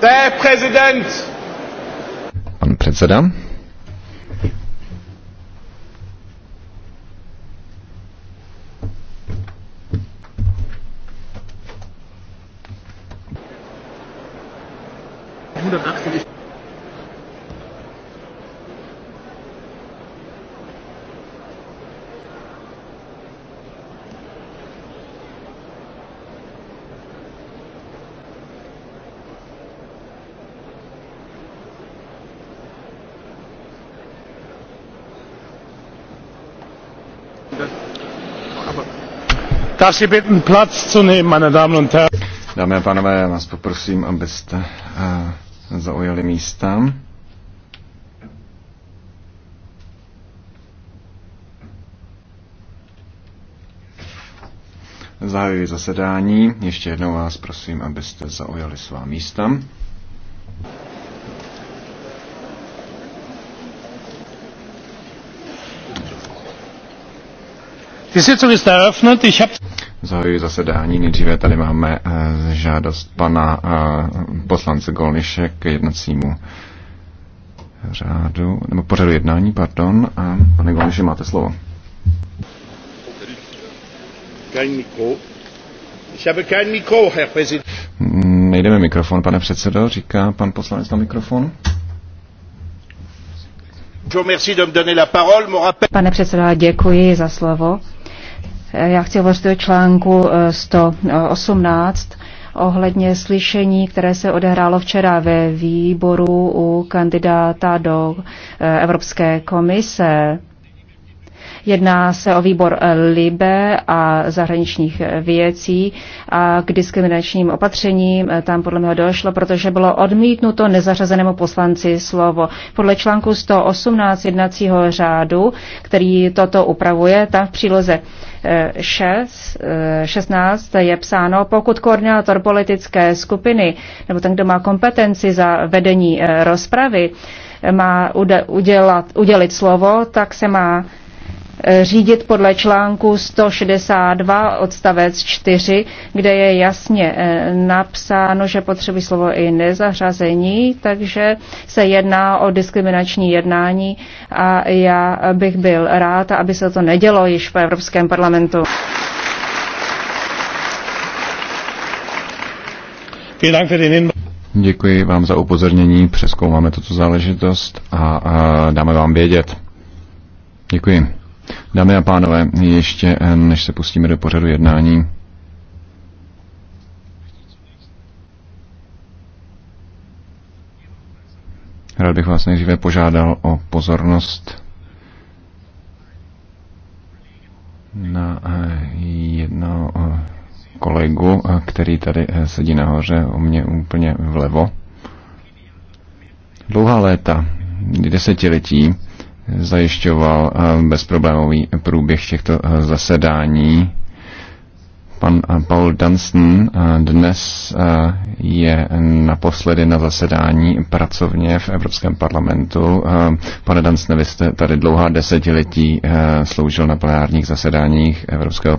Der Präsident. Pan předseda. Hundert Darf Sie bitten, Platz zu nehmen, meine Damen und Herren. Dámy a pánové, já vás poprosím, abyste uh, zaujali místa. Zahajuji zasedání. Ještě jednou vás prosím, abyste zaujali svá místa. Die Sitzung ist eröffnet. Ich habe Zahajuji zasedání. Nejdříve tady máme eh, žádost pana eh, poslance Golniše k jednacímu řádu, nebo pořadu jednání, pardon. A pane Golniše, máte slovo. Nejdeme mikrofon, pane předsedo, říká pan poslanec na mikrofon. Pane předsedo, děkuji za slovo. Já chci hovořit o článku 118 eh, ohledně slyšení, které se odehrálo včera ve výboru u kandidáta do eh, Evropské komise. Jedná se o výbor eh, LIBE a zahraničních eh, věcí a k diskriminačním opatřením eh, tam podle mě došlo, protože bylo odmítnuto nezařazenému poslanci slovo. Podle článku 118 jednacího řádu, který toto upravuje, tam v příloze 6, 16 je psáno, pokud koordinátor politické skupiny nebo ten, kdo má kompetenci za vedení rozpravy, má udělat, udělit slovo, tak se má řídit podle článku 162 odstavec 4, kde je jasně eh, napsáno, že potřebují slovo i nezařazení, takže se jedná o diskriminační jednání a já bych byl rád, aby se to nedělo již v Evropském parlamentu. Děkuji vám za upozornění, přeskoumáme tuto záležitost a, a dáme vám vědět. Děkuji. Dámy a pánové, ještě eh, než se pustíme do pořadu jednání, rád bych vás nejdříve požádal o pozornost na eh, jedno eh, kolegu, který tady sedí nahoře o mě úplně vlevo. Dlouhá léta, desetiletí, zajišťoval eh, bezproblémový průběh těchto eh, zasedání. Pan eh, Paul Dunstan dnes je naposledy na zasedání pracovně v Evropském parlamentu. Pane Dunstan, vy jste tady dlouhá desetiletí sloužil na plenárních zasedáních Evropského parlamentu.